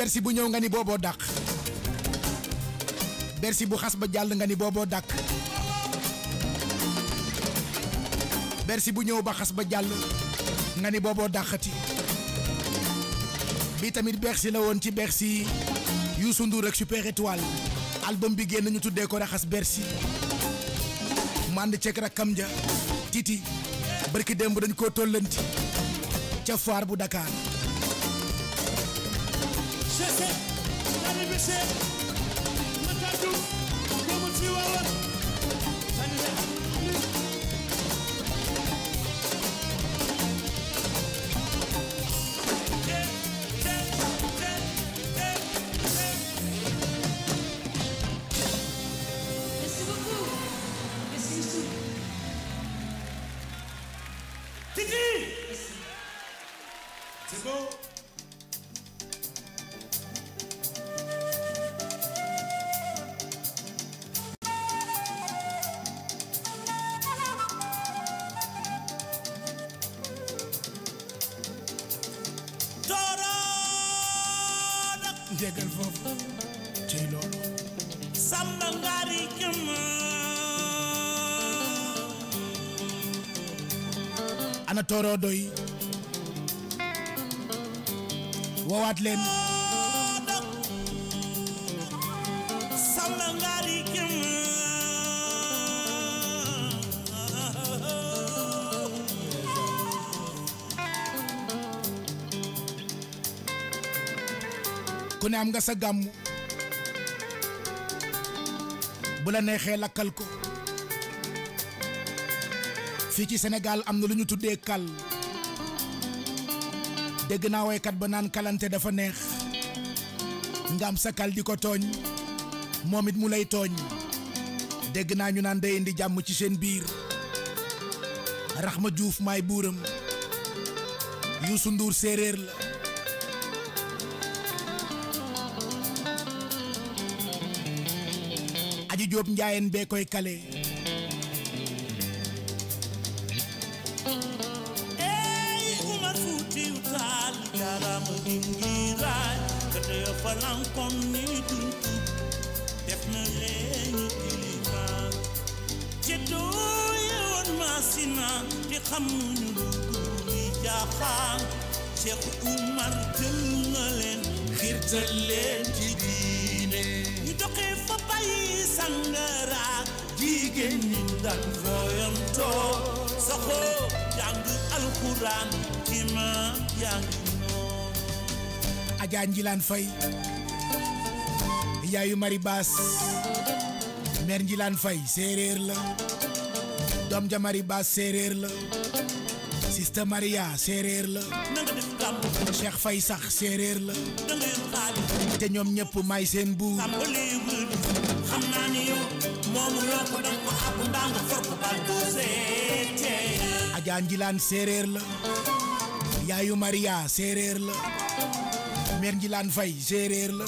bersi bu ñew nga ni bobo dak bersi bu xass ba jall nga ni bobo dak bersi bu ñew ba xass ba jall nga ni bobo dakati bi tamit bersi la won ci bersi yusu Ndour ak Super Étoile album bi genn ñu tuddé ko raxas bersi mand ci rakkam titi barki dembu dañ ko tollanti ci foire bu Dakar sesi, yani bir ş e am nga sa gàmmu bu la neexee lakkal ko fii ci Sénégal am na lu ñu tuddee kal dégg naa woykat ba naan kalante dafa neex nga am sa kal di ko tooñ moom it mu lay tooñ dégg naa ñu naan day jàmm ci seen biir Rahma Diouf maay buuram Youssou Ndour séeréer la Aji Jóob njaayeen bee koy kale ey Umar Fuutiyu Taal jaaraama dingiiraay kata yoo falankoon ni duntu def na leeni kilimaan ceddoo yeewoon maasina di xamuñu lu duuli jaaxaan Cheikh Umar jël na leen xiirtal leen ci alxuraan imaam yaa Fay yaayu Mari Baas mère Njilaan Fay séeréer la doom ja Mari séeréer la sista Maria séeréer la Cheikh Fay sax séeréer la te ñoom ñëpp may seen buur xam naa ni yow moomu loo danga ko àpp nga for ko Ajaa Njilaan séeréer la yaayu Maria séeréer la mère Njilaan Fay séeréer la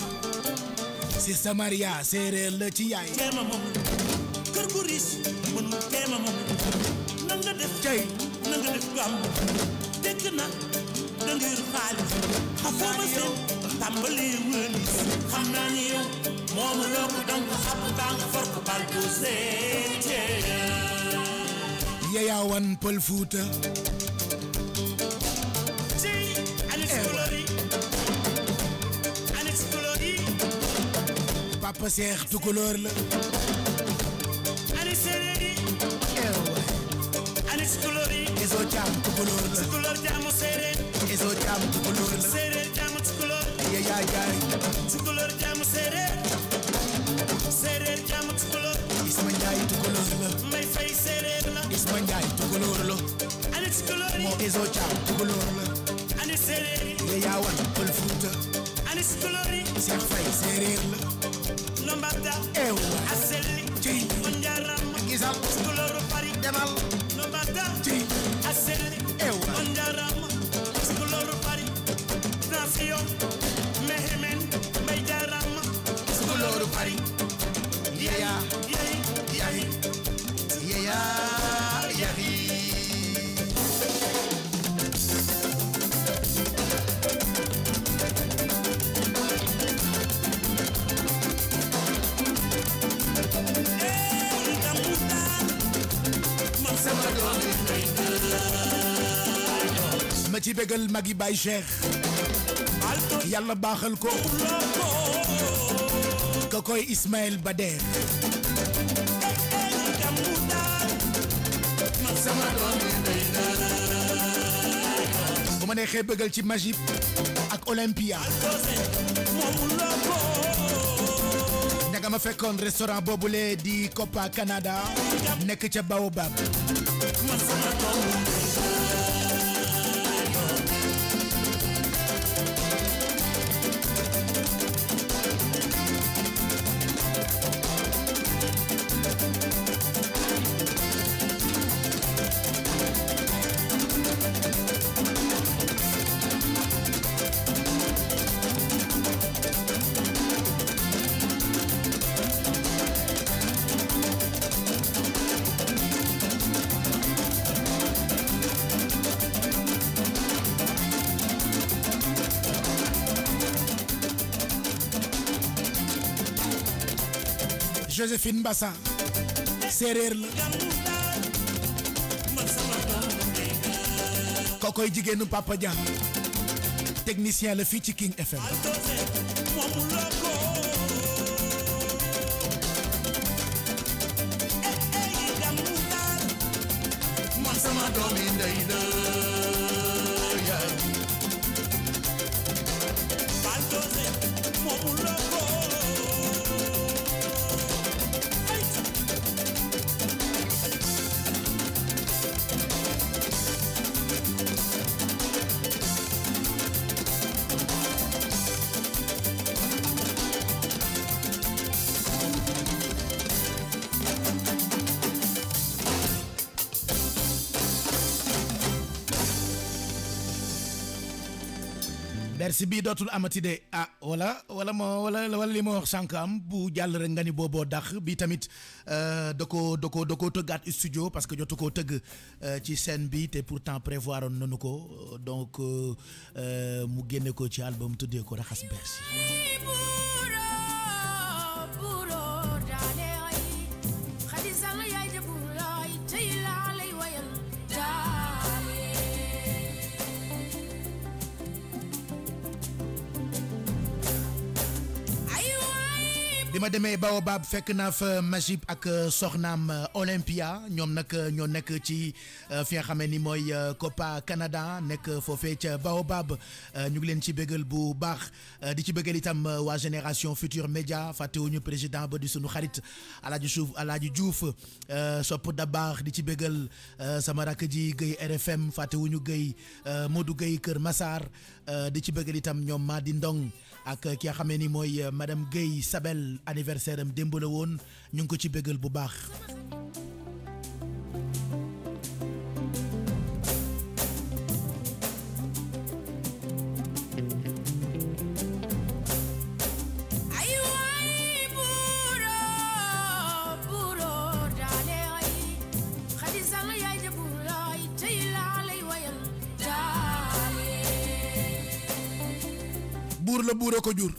sista Maria séeréer la ci yaay teema moom kër gu riis mën teema nanga def cay nanga def gàmm dégg na da ngir xaalis xafoo ma seen tàmbali wëlis xam naa ni moom loo ko danga xam danga bal bu seetee yeeyaawan pël fuuta papa seex tukulóor la ezo caam tukulóor la ezo caam tukulóor Ezocha, Tugulorla, Anis Sereri, Yawan, Ulfuta, Anis Kulori, Sefai, Serela, Lombata, Ewa, Aseli, Ji, Munjaram, Gizal, Lombata, ci bégal mag yi Baye Cheikh yàlla baaxal ko ka koy Ismaël Bader bu ma neexee bëggal ci Magib ak Olympia nga ma fekkoon restaurant boobule di Copa Canada nekk ca Baobab Joséphine Mbassa séeréer la kokoy jigéenu Papa Dia technicien la fii ci King FM bersi bii dootul amati de ah wala wala ma wala wala li moo wax sànq am bu jàll rek nga ni booboo dàq bii tamit euh, da koo da koo da koo tëggaat studio parce que jotu koo tëgg euh, ci seen bi te pourtant prévoir oon nanu ko donc euh, mu génne ko ci album tuddee ko raxas bersi ma demee Baobab fekk na fa Majib ak euh, soxnam euh, Olympia ñom nak euh, ñoo nekk ci fi xamé ni moy Copa Canada nek fofé ci Baobab ñu ngi leen ci bégal bu baax di ci bégal itam wa génération Futur Média fàttewuñu président ba di sunu xarit Alaaji Suuf Alaaji Diouf sopp dabax di ci bégal sama rakk ji gey RFM fàttewuñu gey Modou gey keur Massar di ci bégal itam ñoom Madi Ndong ak ki nga xamee ni mooy euh, madame Guèye Sabel anniversaire am démb woon ñu ngi ko ci bégal bu baax. buur la buur a ko jur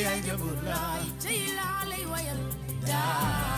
yange bula. Chila le wayal. Da.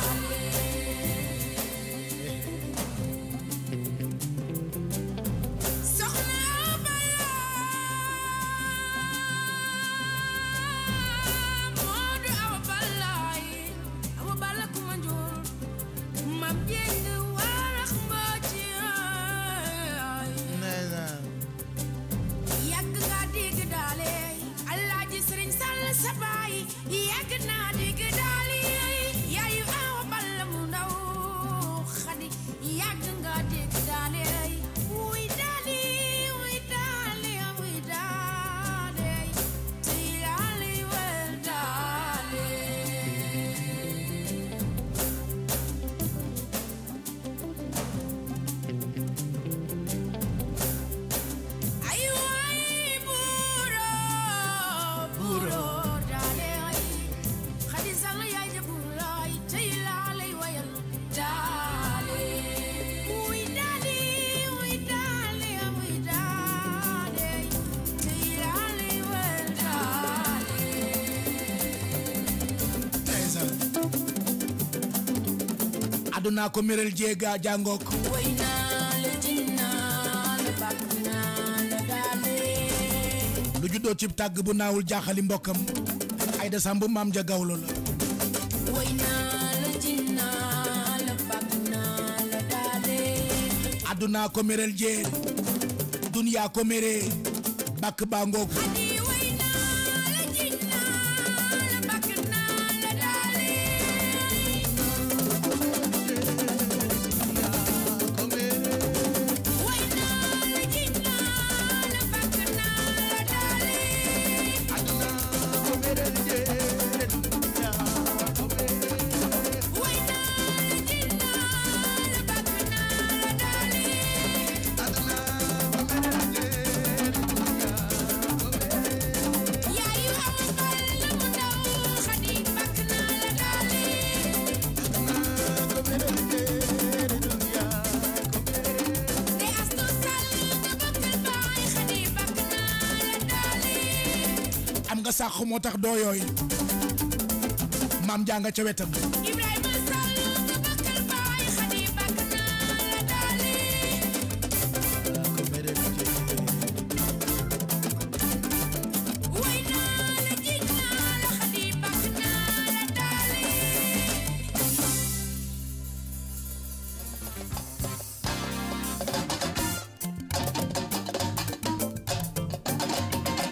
naa ko meral jéega jàngook lu juddoo ci tàgg bu naawul jaaxali mbokkam ay da sàmb maam ja gawlo la àdduna ko meral jee duniyaa ko mere bàkk baa ngoog nga sàq moo tax doo yooy maam janga ci wetam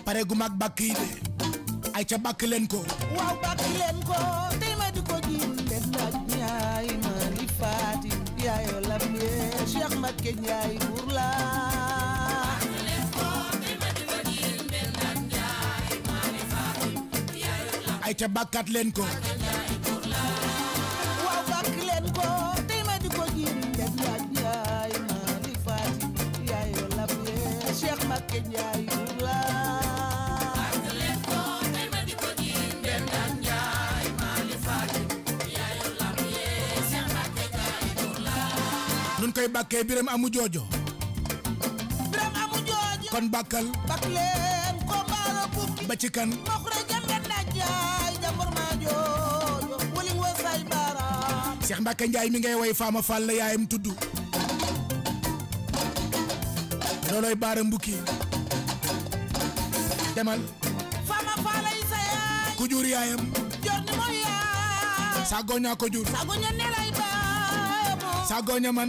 pare gu mag bakk ay ca bàkk leen ko waaw bàkk leen ko tey ko jiin leen nag ñaay faati yaayoo lam yee Cheikh Mbacké Ndiaye ay ca bàkkaat leen koy bàkkee biram amu jojo, biram amu jojo. kon bakal, baklem ko mbaara bukki ba ci kan moxre jambe jay jambor ma jojo wuling wo say bara Cheikh Mbacke Ndiaye mi ngay way fama fàll yaayam tuddu loloy baara mbuki demal fama fàll yi ku jur yaayam jorni mo mooy yaay ko jur saa goña nelay ba saa goña man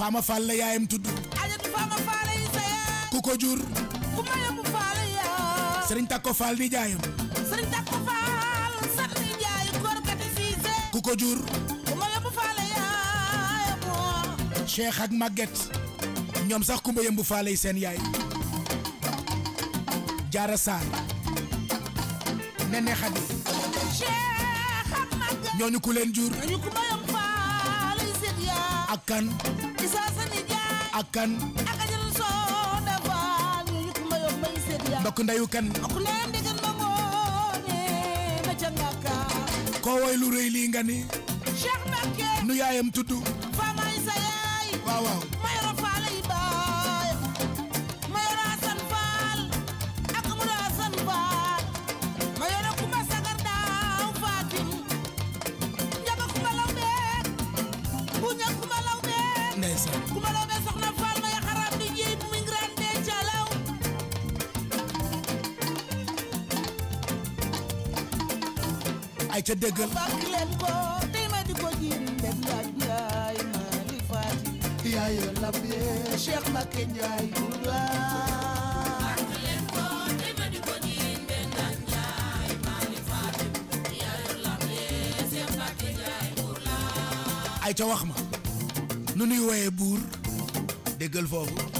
faama faal la yaayam tudd ajatu faama faal yi sa ku ko jur ku ma yóbbu faal yaa sëriñ takko faal di jaayam sëriñ takko faal sat di jaay gorkati siise ku ko jur ku ma yóbbu faal yaa moo cheikh ak Maguette ñoom sax kumba yëmbu seen yaay jaara ku leen jur akan akan ndok ndayu kan ko way lu nu yaayam tuddu waaw waaw ca dëggal bàkk leen ko tey ma di ko jiin dem ca wax ma nu nuy woyee buur dëggal foofu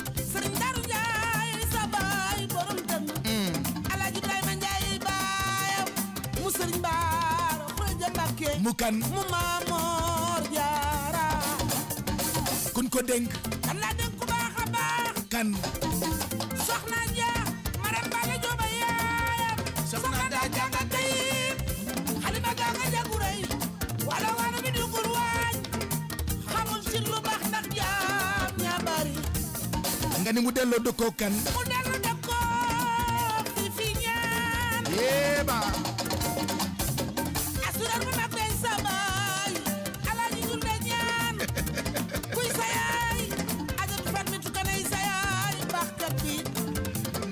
kan mu mor yara kun ko denk kan la denk ko baax a baax kan soxna ja maram bala joba ya soxna da daa janga tayib xalima gaa nga jagu ray wala wala mi kur waañ xamul ci lu baax ndax jaam nya bari nga ni mu delo do ko kan mu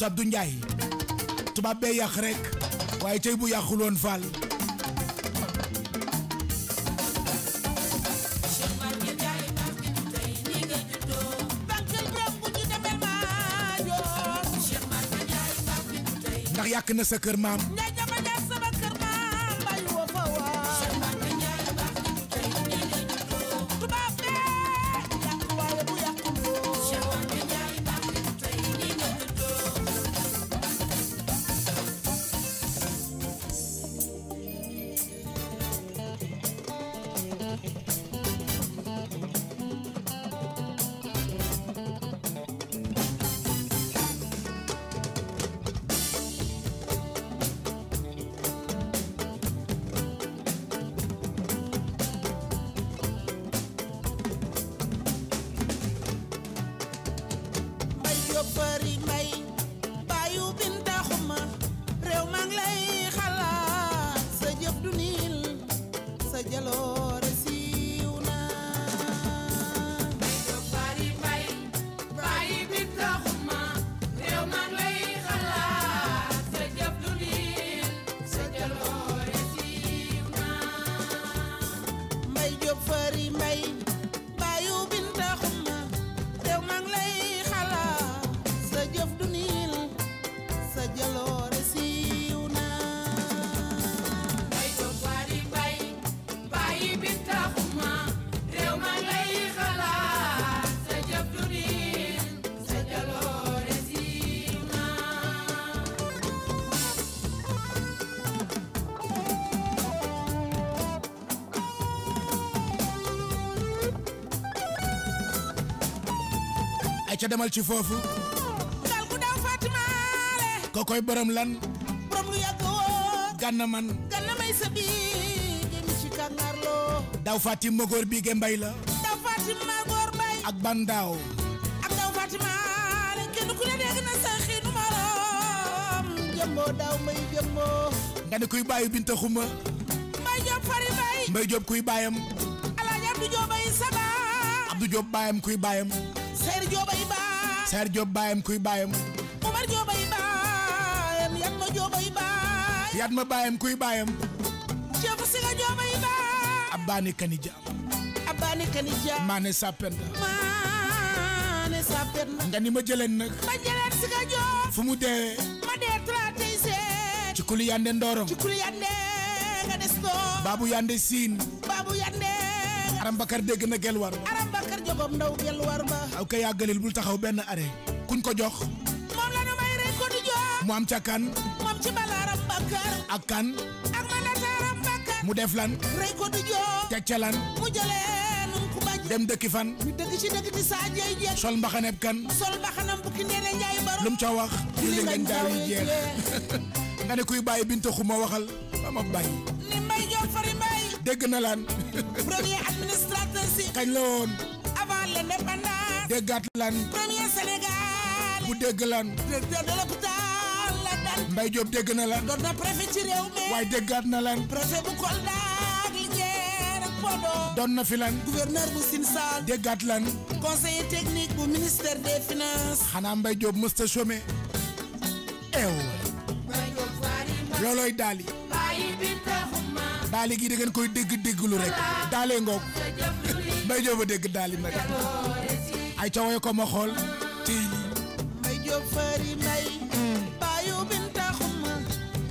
Fatou Abdou Ndiaye tubaab bee yàq rek waaye bu yàqul woon ndax yàq na sa kër ca demal ci foofu dal gu daw fatimaale kokoy borom lan borom lu yàgg ganna man ganna may sa bi jëmi ci kangar loo daw fatim magóor bi mbay la daw fatim magóor mbay ak daaw ak daw fatimaale ku ne dégg na sa xiinu morom jëmboo daaw may jëmboo nga ne kuy bàyyi binta xuma mbay job fari bay mbay job kuy bàyyam alaaji abdu joobay saba abdu job bàyyam kuy bàyyam Seydou Diop Saar Joob baayam kuy baayam Umar Joobay baayam Yatma Joobay baayam Yatma baayam kuy baayam Ceefu Siga Joobay baayam Abbaani Kanija Abbaani Kanija Maane Sapenda Maane Sapenda nga ni ma jëleen nag ma jëleen Siga Joob fu mu dee ma dee traateese ci kuli yande ndoorong ci kuli yande nga des toog Baabu yande siin Baabu yande Aram Bakar dégg na gel war Aram Bakar Joobam ndaw gel war ba taxaw ka yàggalil bul taxaw benn arrêt kuñ ko jox moom la nu may rek ko di jox ca kan moom ci balaaram bakkar ak kan ak manataaram bakkar mu def lan rek ko di jox lan mu jëlee nun ku bañ dem dëkki fan mu dëkk ci dëkk di saa jeey jeex sol kan sol mbaxanam bukki njaay baro lu ca wax julli ngañ daaw yi jeex nga ne kuy bàyyi binta xuma waxal ba ma bàyyi ni mbay jox fari mbay dégg na lan premier administrateur si kañ la woon déggaat lan premier Sénégal bu dégg lan directeur de l'hôpital la daan dégg na lan doon na ci réew mi waaye déggaat na lan préfet bu Kolda ak Linguère ak Podor doon fi lan gouverneur bu Sine Saloum lan conseiller technique bu ministère des finances xanaa Mbaye Diop mësta chômé ew loolooy daali daali gi da koy dégg dégglu rek daalee ngoog Mbaye Diop a dégg daali nag ay ca woy ko ma xool tey lii ay jóob fari may hmm. baayu binta xuma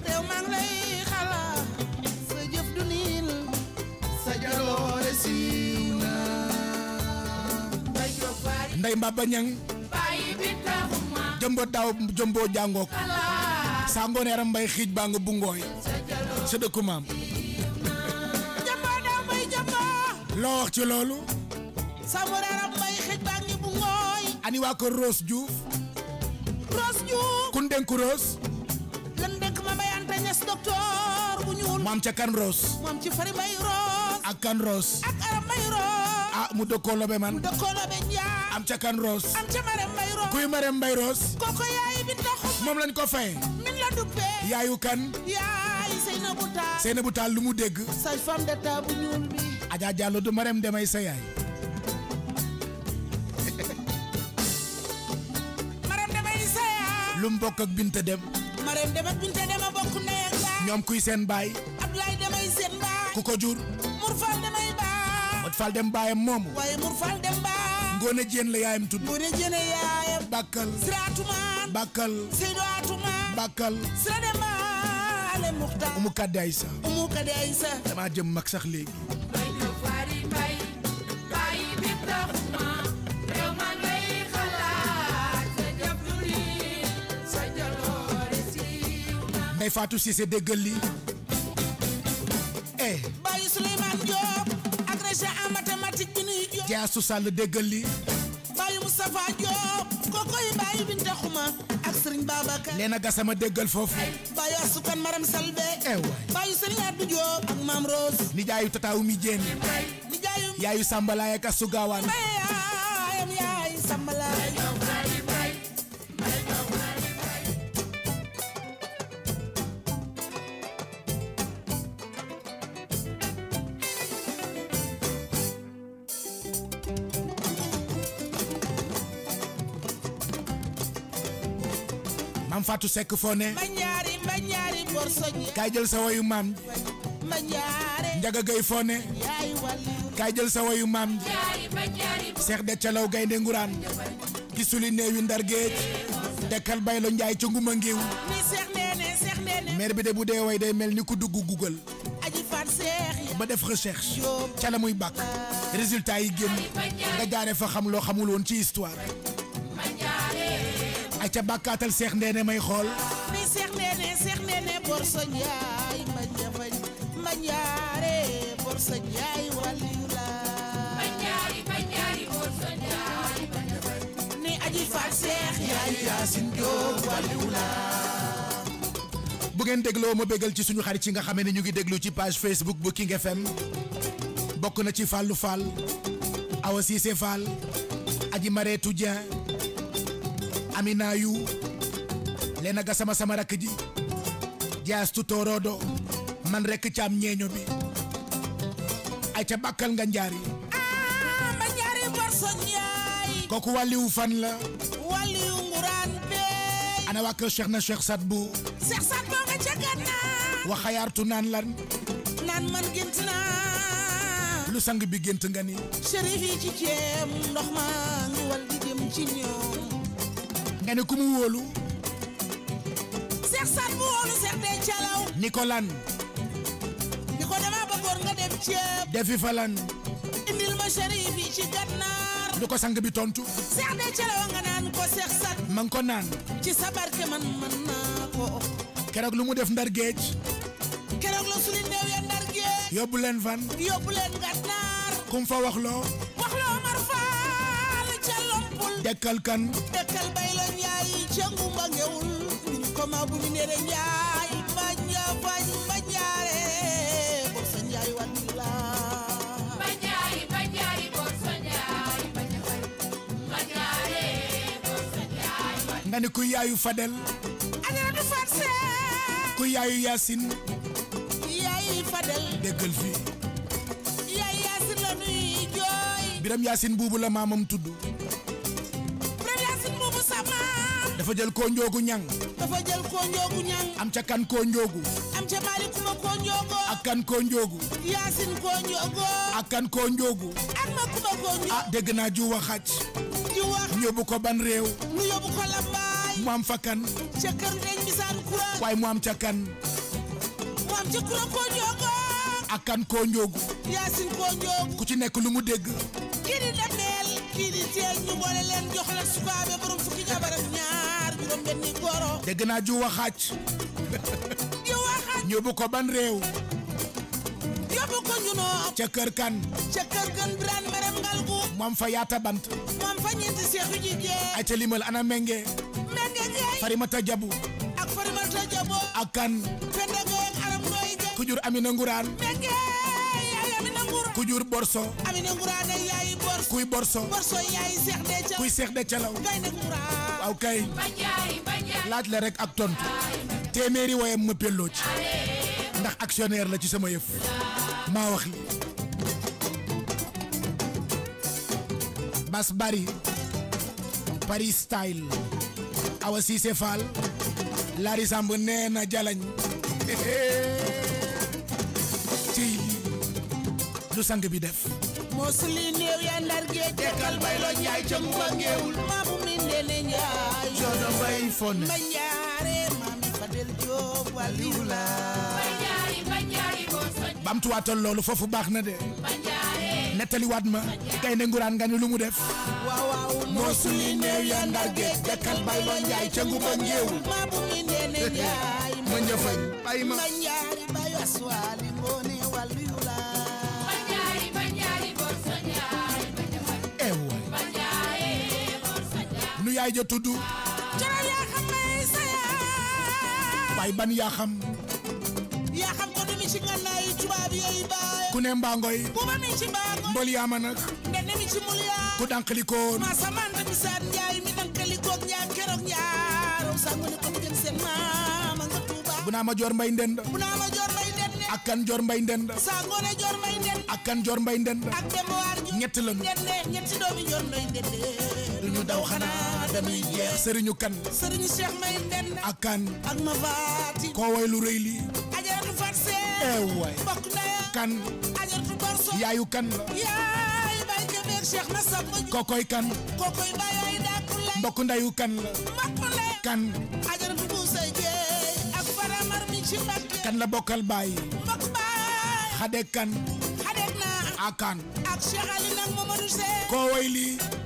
réew maa ngi lay xalaat sa jëf du sa jaloore siiw na ndey mbaba ñang daaw jëmbo jàngook saa ngoon yaram mbay xiij baa nga bu ngooy sa daaw mbay jëmbo loo wax ci loolu sa mu ani waa kër Rose Diouf. Rose Diouf. kun dénku Rose. lan dénk ma may anta ñes docteur bu ñuul. maam ca kan Rose. maam ci fari mbay Rose. ak kan Rose. ak aram mbay Rose. ah mu dëkkoo lobe man. mu dëkkoo lobe ñaa. am ca kan Rose. am ca marem mbay Rose. kuy marem mbay Rose. kooku yaay bi ndox. moom lañ ko fay. min la duppee. yaayu kan. yaay Seynabou Tall. Seynabou Tall lu mu dégg. sage femme d'état bu ñuul bi. Adja Diallo du marem demay sa yaay. lu mu ak Binta Dem. Marème Dem ak Binta Dem a bokk ndey ak baay. ñoom kuy seen baay. Abdoulaye Demay seen baay. ku ko jur. Mour Fall Demay baay. Mour Fall Dem baayam moomu. waaye Mour Fall Dem baay. Ngone Dieng la yaayam tudd. Ngone Dieng la yaayam. Bakkal. Siraatumaan. Bakkal. Seydou Bakkal. Sira Ale Muxtaar. Umu Kadde Aysa. Umu Kadde Aysa. damaa jëm mag sax léegi. day Fatou Cissé déggal li eh Baye Souleymane Diop agrégé en mathématiques bi nuy Diop Diassou Sall déggal li Baye Moustapha Diop kokoy Baye Binta Xuma ak Serigne Babacar Léna Gassama déggal foofu Baye Asukan Maram Salbe eh waay Baye Serigne Abdou Diop ak Mame Rose nijaayu Tata Oumi Diène yaayu Sambalaay ak Assou Gawane yaayu Sambalaay Fatou Seck foo ne kaay jël sa wayu maam Njaga Seex de Calaw Gaynde Nguraan ki suli neewi Ndar Géej dekkal bay la Njaay ca nguma ngiw maire bi de bu dee way day mel ni ku dugg Google ba def recherche ca la muy bàkk résultat yi génn nga jaare fa xam loo xamul woon ci histoire ca bàkkaatal Seex Ndeene may xool ni Seex Ndeene Seex Ndeene Borso Njaay ma jafañ ma njaare Borso Njaay waliyu ma njaari ma njaari Borso Njaay ma jafañ ni aji faat Seex yaay Yaasin Jóob waliyu la dégloo ma bégal ci suñu xarit yi nga xamee ne ñu ngi déglu ci page Facebook bu King FM bokk na ci Fallou Fall Awa Cissé aji Mareetu Jeen amina yu leena ga sama sama rakk ji jaas tutooroodo man rekk caam ñeeño bi ay ca bakkal nga ah, njaari aa ma kooku wàlliwu fan la wàlliwu nguraan beey ana waa kër Cheikh na Cheikh Saad Bou Cheikh Saad Bou nga ca gannaaw waxayaartu naan lan naan man gént naa lu sang bi gént nga ni shérif ci jéem ndox maa wal di jëm ci ñëw nga ne ku wóolu Cheikh Sane mu wóolu Cheikh de Calaw ni ko lan ni ko dama bëggoon nga dem ceeb defi fa lan indil ma Chérif ci gannaar lu ko sang bi tontu de Calaw nga naan ko Cheikh Sane man ko naan ci sa barke man man naa ko keroog lu mu def ndar géej keroog la suñu néew ya ndar géej fan yóbbu leen kum fa wax loo dekkal kan dekkal bay la njaay ca ngumba ngewul bu ñu ko ma bu ñu nee njaay ma njaay ma njaare bor sa njaay wat ni la ma njaay ma njaay bor sa njaay ma njaay ma njaare bor sa njaay nga ne ku yaayu Fadel ana du farse ku yaayu Yaasin yaayi Fadel déggal fi yaayi Yaasin la nuy jooy Biram Yaasin buubu la maamam tudd dafa jël koo njoogu ñang dafa jël koo am ca kan koo njoogu am ca maalikuma yaasin ah ko ban réew nu yóbbu ko lambaay am ca kër deñ bisaan kura waaye mu am ca kan mu am ca kura koo yaasin koo njoogu ku ci nekk lu mu dégg kiri demeel kii di Thiès ñu boole leen jox la sukaabe borom fukki jabar ak ñaar juróom benni goro dégg naa ju waxaaj ju waxaaj ban réew yóbbu ko ñu noo ca kan ca kër biraan merem ngal gu moom fa yaata bant moom fa ñeenti seexu jigéen ay ca limal ana menge menge ngay farimata jabu ak farimata jabo ak kan fende ngay ak aram nooy ku jur amina nguraan ku jur borso amina ngurane yaay borso kuy borso borso seex de calaw kuy seex de calaw gaynde nguraan waaw kay laaj la rek ak tontu téeméeri wayam ma pelloo ci ndax actionnaire la ci sama yëf maa wax li Bas Bari Paris Awa Cissé Fall Larry Samb nee lu sang bi def moo si lii néew ya ndar géej dekkal bay loo njaay ca mu bangeewul maa bu mi njaay coono bay fone ma maa mi fa del joob waliw la ba njaari ba njaari boo soj baax na de ba ma kay ne nguraan nga ni lu mu def bay loo maa bu mi ndeene njaay ma njafañ bay ma yaay ja tudd jaral yaa xam may sa yaay waay ban yaa xam yaa xam ko demi ci ngànnaay tubaab yooyu baay ku ne mbangoy bu ba mi ci mbangoy mbol yaa ma nag nga ne mi ci mul yaa ku dànqalikoon ma samaan demi saan njaay mi dànqalikoon njaay keroog njaaroom sangu ne ko mu jëm seen maama nga tuuba bu naa ma joor mbay ndend bu naa ma joor mbay ndend ak kan joor mbay ndend saa ngoone joor mbay ndend ak kan joor mbay ndend ak dem waar ñett lañu ñett doomi joor mbay ndend duñu daw xanaa dañuy sëriñu kan sëriñu cheikh may benn ak ak ma faati koo way rëy lii ajaratu farse eh waay mbokk ndaya kan ajaratu borso yaayu kan yaay bay jëmeeg cheikh na samba kokoy kan kokoy bayaay daakul lay mbokk ndayu kan la mbokk kan ajaratu buusa jeey ak faramar mi ci mbakke kan la bokkal baay mbokk baay xade kan xade naa ak kan ak cheikh ali nag mamadou sey koo lii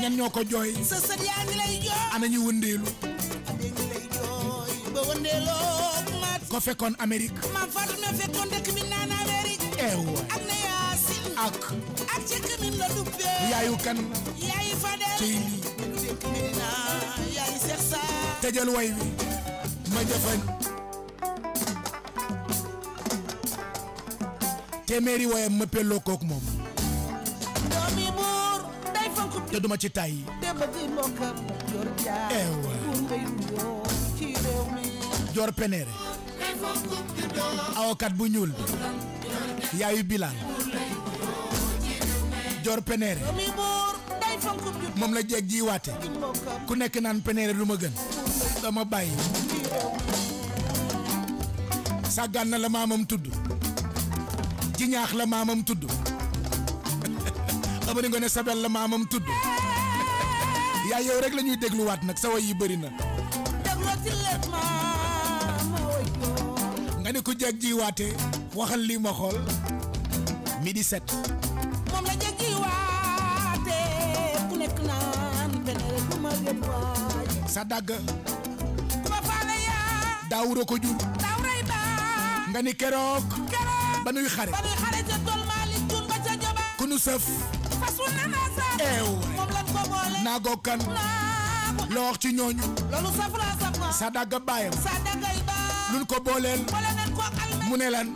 ñan ñoo ko jooy sa sët yaa lay jooy ana ñu wëndeelu ko fekkoon Amérique ma faatu na fekkoon dëkk bi naan Amérique eew eh ak na ak ak ca këmin la dubbee yaayu kan yaayu Fadel ci lii yaayu Seex Saar tëjal way wi ma moom te duma ci tay eew joor peneere awokat bu ñuul bi yaayu bilaan joor peneere moom la jeeg ji waate ku nekk naan peneere du ma gën dama bàyyi sàggaan na la maamam tudd jiñaax la maamam tudd Abani Ngoné Sobel la maamam tudd yaa yow lañuy la ñuy dégluwaat nag sa way yi bëri na nga ne ku jeg ji waate waxal lii ma xool midi set moom la jeg ji waate ku nekk naan benn rek ma yëpp waay sa dàgg ku ma faale yaa daawura ko jur daawray baa nga ni keroog ba nuy xare ba nuy xare ca tool Malick Thioune ba ca joba ku nu sëf eew naago kan loo wax ci ñooñu sa dagga baayam luñ ko booleel mu ne lan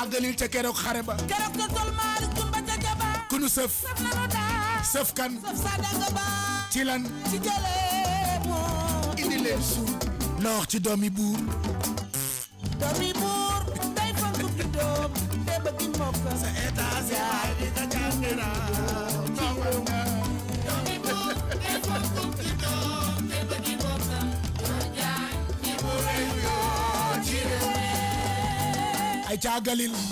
àggalil ca keroog xare ba ku nu sëf sëf kan ci lan indi leen suur loo wax ci doomi buur doomi buur day fanku bi doom de bëgg mbokk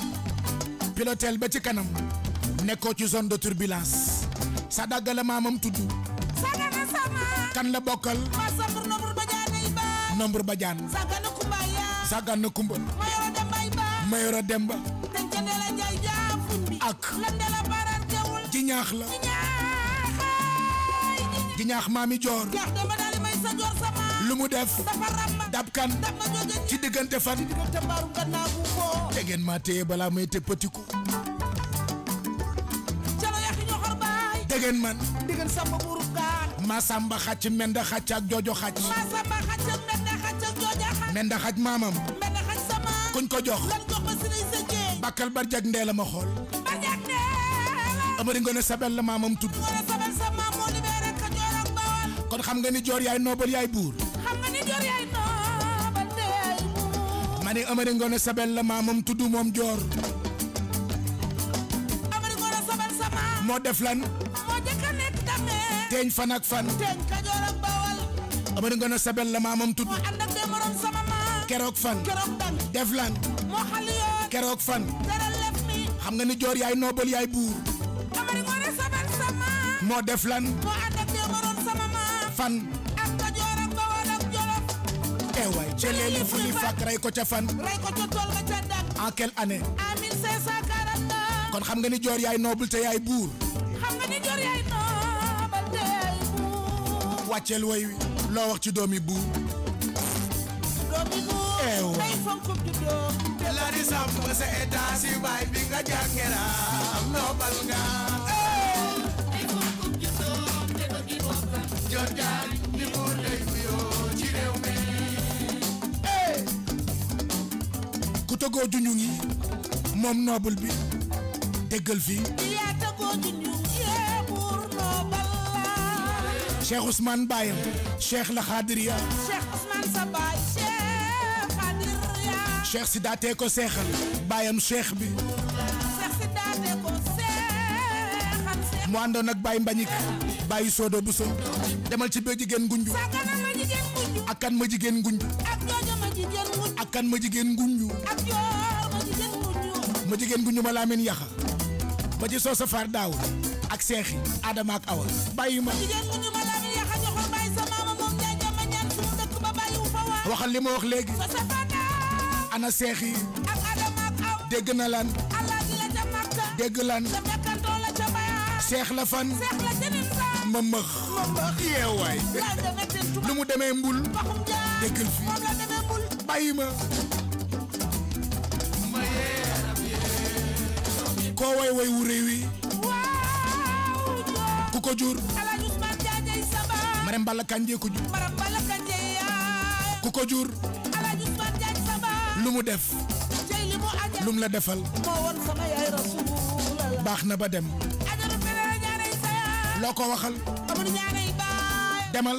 pilotel ba ci kanam ci zone de turbulence sa mamam tuddu sagana sama kan la bokal ma nombre badiane ba kumba ya sagana kumba mayoro demba Jandela Njaay jaafuñ bi ak Landela Baran Jawul ji ñaax la ji ñaax maami joor ñaax dama daal may sa joor sama lu mu def dafa kan ci diggante fan bu may te yaxi degen man degen samba buru gaan maa samba xàcc menda xàcc ak joojo xàcc maa samba xàcc menda xàcc ak joojo xàcc menda xàcc menda sama kuñ ko jox lan ma bàkkal barjak ndee la ma xool barjak ndee amari ngoone sabel la maamam sabel sa maam moo di bee rek kajoor ak bawal kon xam nga ni joor yaay noobal yaay buur joor yaay noobal yaay buur ma sabel la maamam tudd joor amari ngoone sabel sa maam moo def lan moo jëkk a nekk ak fan teeñ kajoor ak sabel la maamam tudd moo ak dee moroom sama maam keroog fan keroog dan keroog fan xam nga ni joor yaay noobal yaay buur moo def lan fan eh waay jëleeli fu li fàkk rey ko ca fan en quelle année kon xam nga ni joor yaay noobal te yaay buur wàcceel woy wi loo wax ci doomi buur eh lari sàmm sa état baay bi nga jàngeraam noobal nga di buur kub juddoo jot jaari di buur day wuyoo ci réew mi ku tëggoo junju ngi moom noobul bi fii yaa tëggoo junju yee buur noobal la Cheikh la Xaadiriya cheikh si daatee ko seexal baayam cheikh bi mu àndoon ak baay mbañik baayu soodo bu so demal ci ba jigéen ngunju ak kan ma jigéen ngunju ak kan ma jigéen ngunju ma jigéen ngunju ma laamin yaxa ba ci soo safaar daaw ak seexi adama ak awa bàyyi ma waxal li ma wax léegi ana seex yi dégg na lan dégg lan seex la fan ma mëx yeewaay lu mu demee mbul déggal fi bàyyi ma koo way way wu réew yi ku ko jur maram balla kanjee ku jur ku ko jur lu mu def lu mu la defal baax na ba dem loo ko waxal demal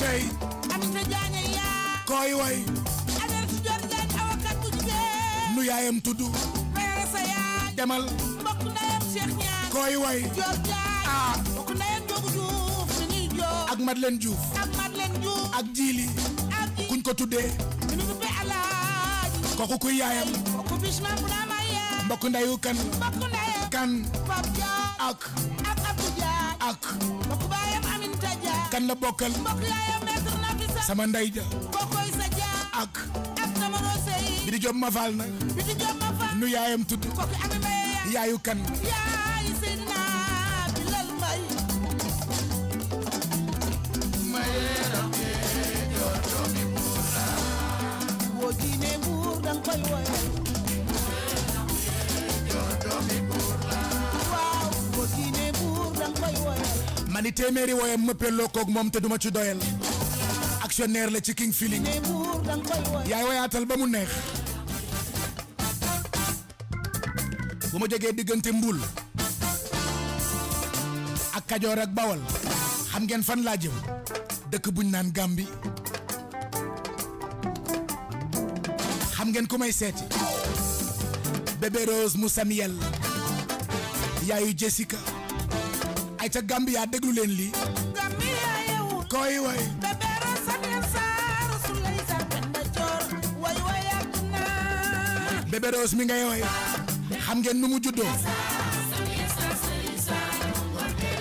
cey koy way nu yaayam tudd demal koy way ah. ak Madeleine Diouf ak jiili kuñ ko tuddee kooku kuy yaayam mbokk ndayu kan kan ak ak kan la bokkal sama nday ja ak bi di job ma faal na nu yaayam tudd yaayu kan boo jiimee buur dang koy woyal téeméeri woyam mëppeloo koog moom te duma ci doyal actionnaire la ci King Feeling yaay woyaatal ba mu neex bu ma jógee diggante mbuul ak kajoor ak bawal xam ngeen fan laa dëkk buñ naan Gàmbi xam ngeen ku may seeti bébé Rose mu Samuel yaayu Jessica ay ca Gambia déglu leen lii koy way bébé Rose mi ngay way xam ngeen nu mu juddoo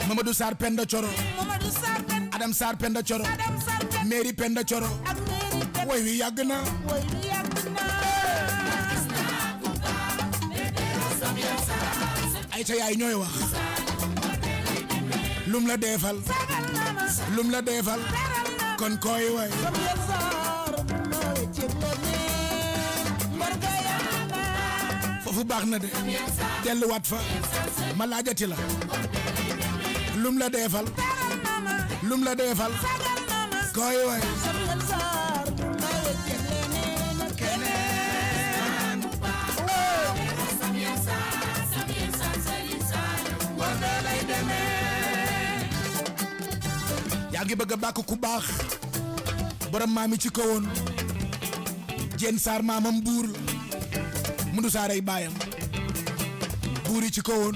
Mamadou Sarr Penda Coro Adam Sarr Penda Coro Mary Penda Coro way wi yàgg na ay ñooy wax lum la deefal la deefal kon koy way foofu baax na de delluwaat fa ma laajati la la deefal la deefal koy way ngi bëgg a bàkk ku baax borom maam yi ci kawoon jenn saar maamam buur la saar ay baayam buur yi ci kawoon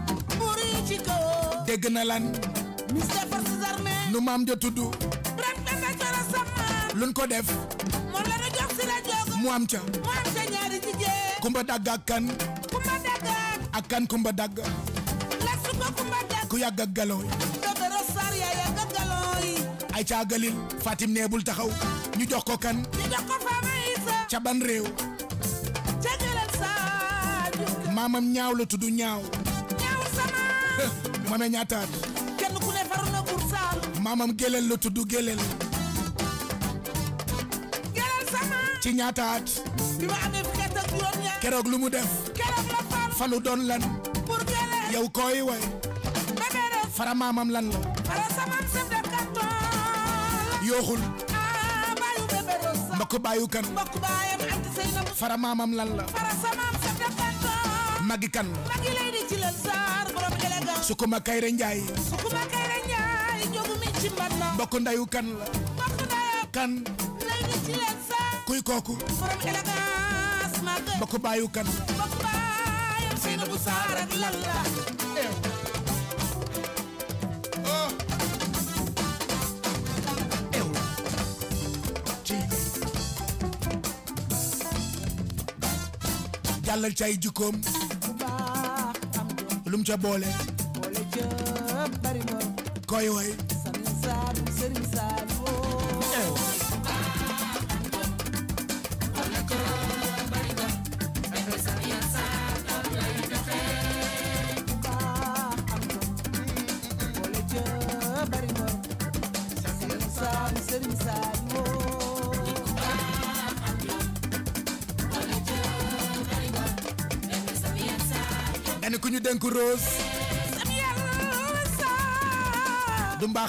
dégg na lan ministère forces armées nu maam ja tudd luñ ko def moom la jox si la jox mu am ca mu am ca ñaari jigéen kumba dagg ak kan kumba dagg ak kan kumba dagg lasu kumba dagg ku yàgg galooy dogoro sar yaa yàgg galooy ay ca galil fatim taxaw ñu jox kan ñu jox faama isa ca ban réew ca galal saa maamam ñaaw la tudd ñaaw mu amee ñaataat kenn ku ne faru na maamam géleel la tudd géleel géleel sama ci ñaataat bi ma amee fukki at ak juróom lu mu def keroog la fal lan pour géleel yow fara maamam lan la fara sama chef de canton yooxul ah baayu bébé rosa baayu kan mbokk baayam anti sey na fara maamam lan la magi kan magi lay di jilal saar borom élégant sukuma kayre njaay sukuma kayre njaay jogu mi ci mbanna mbokk ndayu kan la mbokk ndayu kan lay di jilal saar kuy kooku borom élégance mag mbokk baayu kan mbokk baayam seen bu saar ak lan la jàllal ci ay jikkoom lu mu ca boole koy way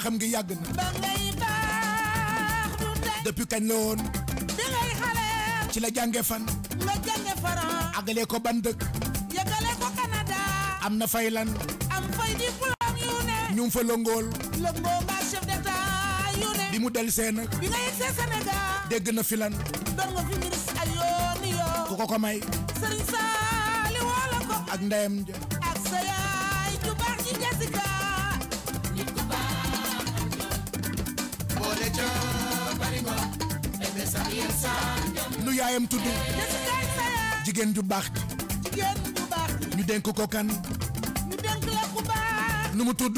xam ngi yàgg na. depuis kañ la woon. ci la jànge fan. la jànge faran. àggale ko ban dëkk. ko Canada. am na fay lan. am fay diplôme yu ne. ñu fa lëngool. lëngoo nga chef d'état yu ne. bi mu del see nag. bi nga yegsee Sénégal. dégg na fi lan. doon nga fi ministre ay yoon yoon. ko ko may. Serigne Saliou woo la ak ndeyam ja. yaayam ju baax mu tudd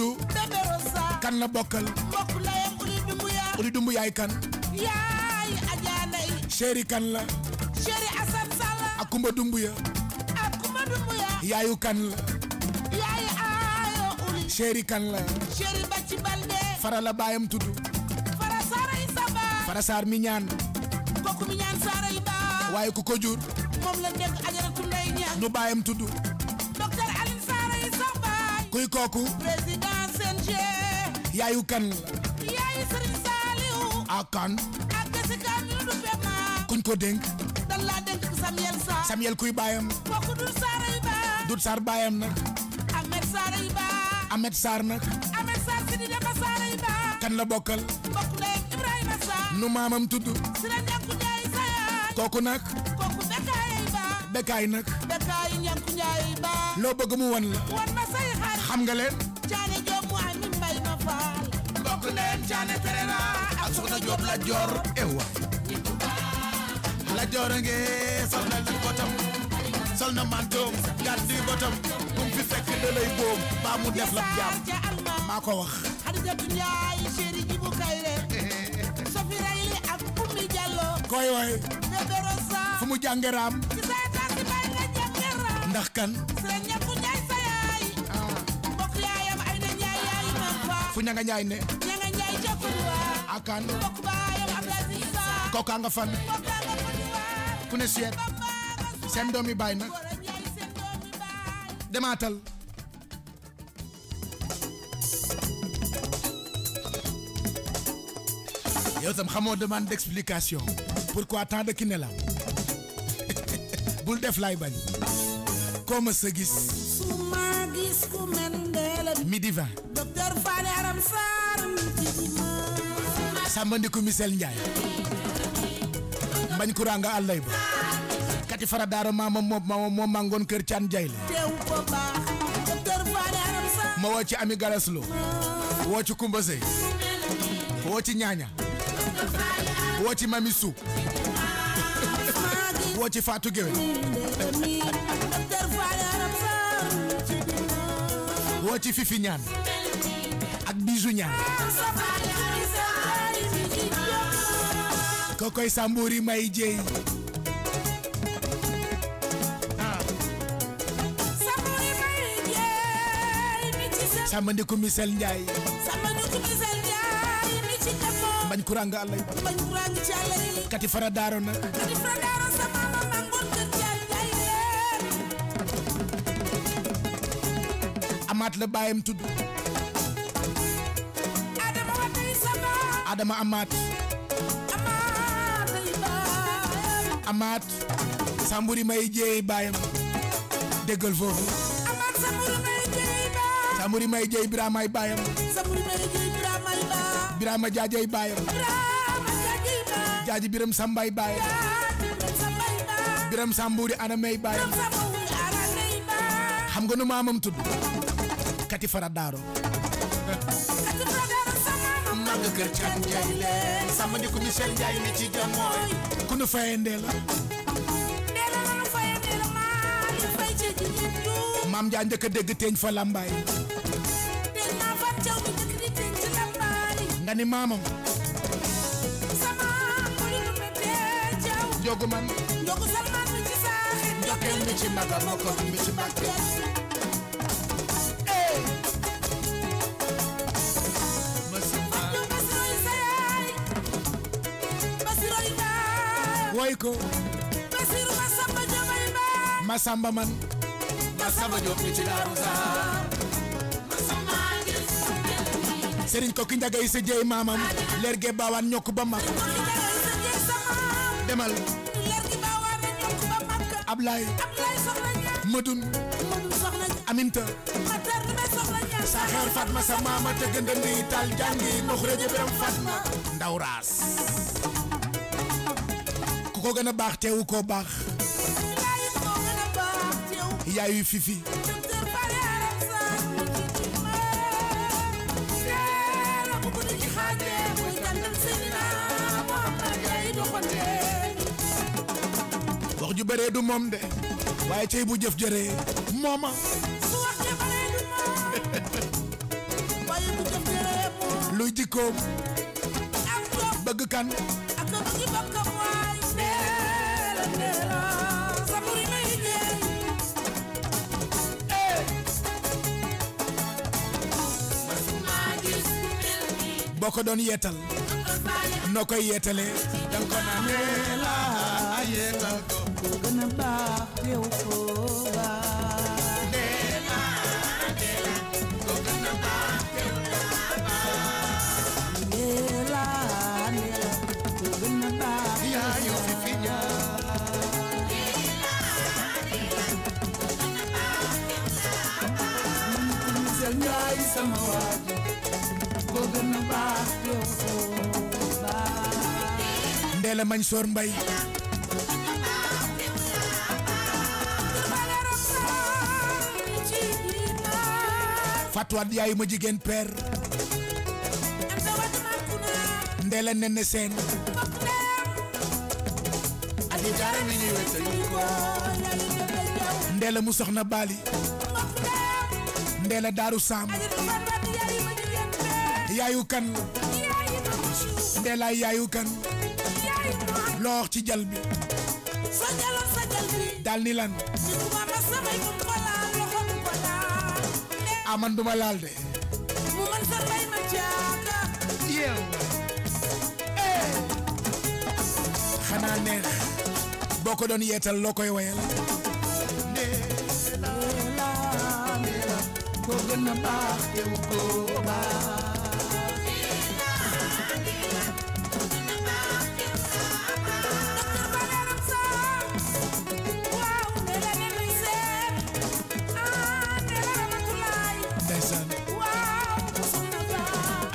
la bokkal kan yaay ajaanay kan la la yaay fara saar mi ñaan kooku mi ñaan sa waaye ku ko jur moom la dégg ajaratu ndey ña nu baayam tudd docteur Alioune Sarr yi kuy kooku président CNG yaayu kan la yaayu Serigne Saliou ak kan ak kuñ ko dénk dan laa baayam kooku dut la bokkal bokk nu maamam tudd kooku nag. kooku Bécaye Ba. Bécaye nag. Bécaye ñàkk njaay ba. loo bëgg mu wan la. wan ma say xar. xam nga leen. Caane Diop mu ami mbay ma faal. mbokk leen Caane Perera ak soxna Diop la Dior ewa. la Dior a ngi na ci botam. sol na mantoom gàddi botam. bu mu fi fekk da boom. baa mu def la jaam maa ko wax. Xadijatu Njaay chéri Jibu Kayre. Sofi Rayli ak Ummi Diallo. koy waay. fu mu jànge raam ndax kan ah. fu ñanga ñaay ne akan kooka nga fan ku ne seet seen doomi baay nag demaatal yow tam xamoo demande d'explication pourquoi tant de Kiné Lam bul def lay bañ koo ma sa gis midi vingt sàmbandi ku misel njaay mbañ kuranga àllay ba kati fara daaro maama moom moom mangoon kër caan jaay la ma woo ci ami galaslo woo ci kumba sey woo ci ñaaña woo ci mami suub woo faatu Fatou Guewel woo ci Fifi ak Bijou Ñaan kokoy Sambouri may jeey samandiku misel Njaay bañ kurang Allah bañ kurang ci Allah kati fara na amaat la baayam tudd adama amaat amaat samburi may jeey baayam déggal foofu samburi may jeey biraamay baayam biraama jaajay baayam jaaji biram sambay baayam biram samburi anamay baayam xam nga nu maamam tudd kati fara daaro manga kër Thiam Ndiaye leen sama njëkku Michel Ndiaye mi ci jam mooy ku nu faye ndee la maam Ndiaye njëkk a dégg teeñ fa lambaay nga ni maamam jogu man jogu sama mi ci saaxi jokkeel mi ci magam ma ko mi ci màggee ko masamba man masamba jo fi ci la rusa masamba serin ko kinda gay se jey mamam leer bawan ñok ba mak demal leer ge bawan ñok ba mak ablay ablay soxna ñe madun madun soxna ñe aminta Sahar Fatma sama mata gendeng di tal janggi Nuh Fatma dauras. ko gën a baax teewu koo baax yaayu fifi wax ju bëree du moom de waaye tey bu jëf jëree mooma luy jikkoom bëgg kan boo ko doon yeetal noo koy yeetale danga ko naan laa yeetal ko bu gën a baax yow ko Samoa. Ndéla Mansour Mbaye Fatouat yaayu ma jigéen père Ndéla Nene Sène Ndéla mu soxna Bali Ndéla Daaru Sam yaayu kan Ndélaay yaayu kan loox ci jal bi daal ni lan aman duma laal de yeew ee xanaa neex boo ko doon yeetal loo koy wayal Ndélaay la ko gën a baax teew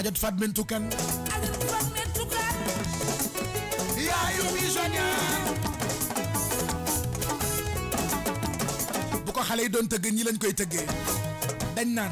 Maguette Fatmintou Kane yaayu bu ko xale yi doon tëgg ñi lañ koy tëggee dañ naan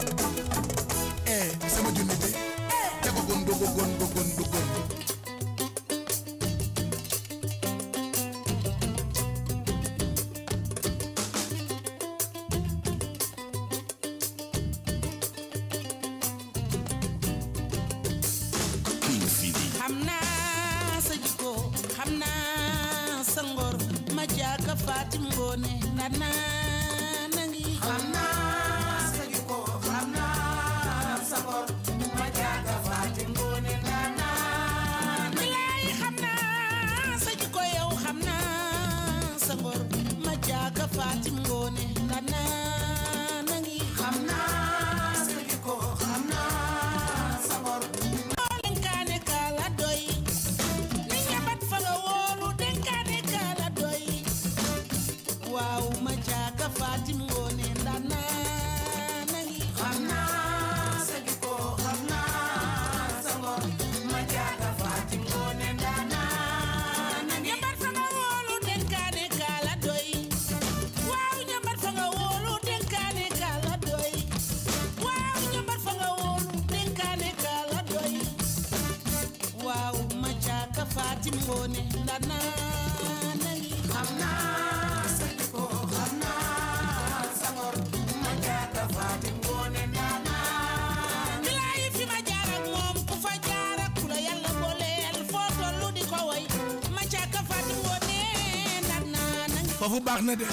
foofu baax na de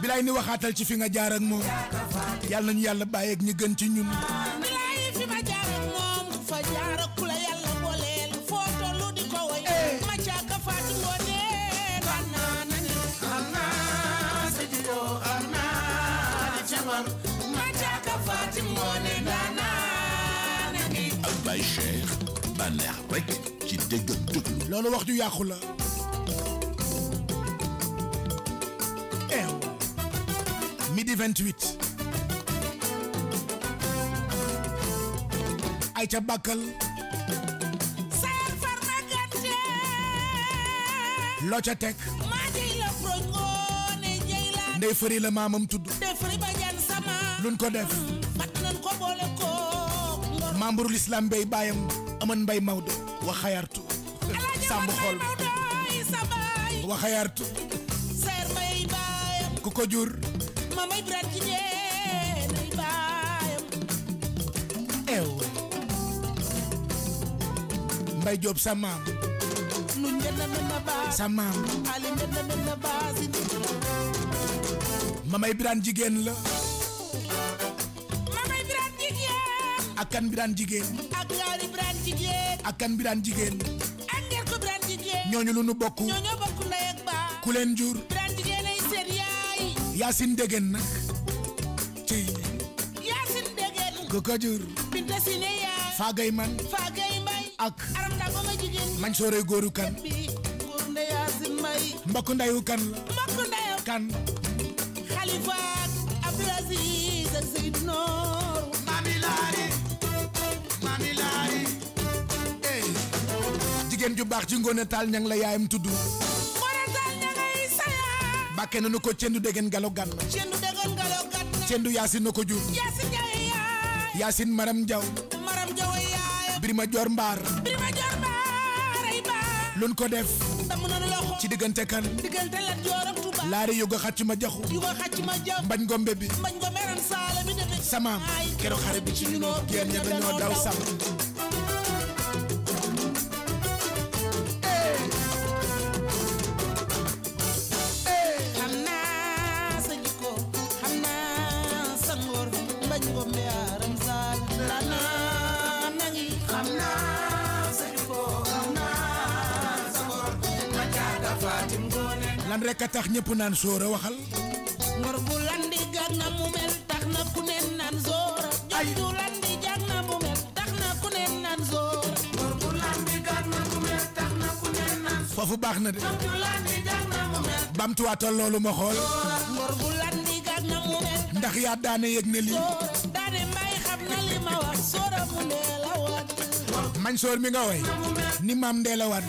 bilaay ni waxaatal ci fi nga jaar ak moom yàlla nañu yàlla bàyyeeg ñi gën ci ñun yàqu la eew eh, midi 28 ay ca bàkkal loo ca teg ndey fëri la maamam tudd luñ ko def membre l'islam bay baayam aman mbay Maodo wa xayartu sàmm xol waxayaar tu seer may baayam ku ko jur ma may biraat ci deenay baayam ew mbay joob sa maam nu njënda mën na baas sa ali na ma may la ma may ak ñooñu lu nu bokk. ñooñu bokk ndey ku leen jur. biraan jigéen ay seen yaay. Yacine Degen nag. ci. Yacine Degen. ku ko Binta Sine yaay. man. Fagay mbay. ak. Aram Ndago ma jigéen. man sooree kan. góor ndey kan la. mbokk kan. Khalifa ak Abdou ak Seydou Noor. Mami jigéen ju baax ci ngoone taal ñang la yaayam tudd bàkke na nu ko cendu degen galo gan cendu yaasin na ko jur yaasin maram jaw birima joor mbaar lun ko def ci diggante kan laari yugo xaccu ma jaxu mbañ gombe bi samaam kero xare bi ci ñunoo geen ña dañoo daw sam a tax ñëpp naan soora waxal. ngor bu landi foofu baax na de. jot loolu ma xool. ngor bu landi gàg na mu mel. ndax yaa daane yëg na lii. daane mbay xam na li ma wax soora soor mi nga woy ni maam ndee la waat.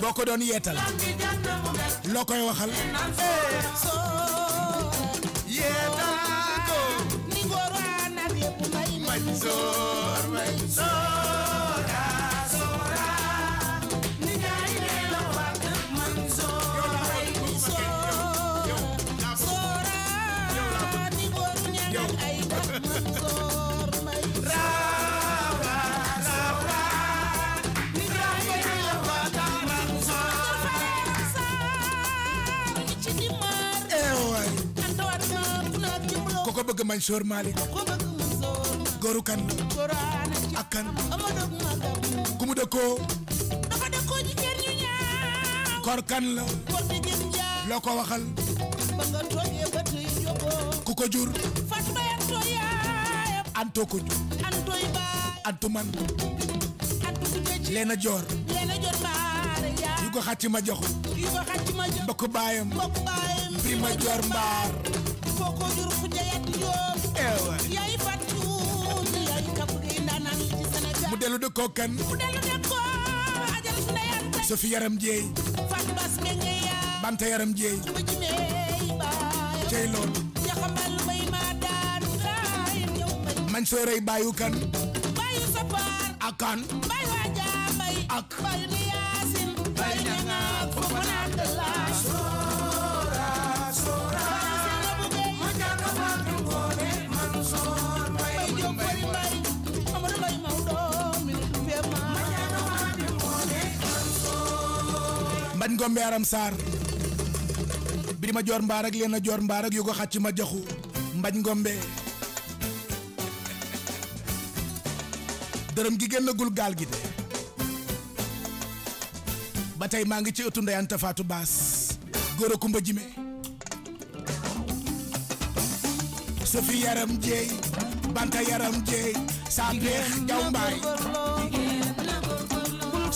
boo ko doon yeetal. loo koy waxal yeta ko ni ngoro na bëgg Mansour Malick góoru kan ak kan ku mu dëkkoo kor kan la loo ko waxal ku ko jur anto ko jur antu man leena joor yu ko xàcc ma jox mbokk baayam prima joor mbaar dellu de ko kan su fi yaram jeey banta yaram jeey cey lool man soo rey baayu kan akan ak gombe aram saar birima joor mbaar ak leena joor mbaar ak yu ko xàcc ma jaxu mbañ gombe dërëm gi génnagul gaal gi de ba tey maa ngi ci ëttu ndeyante faatu baas góor kumba jime sofi yaram jeey banta yaram jeey saa peex jaw mbaay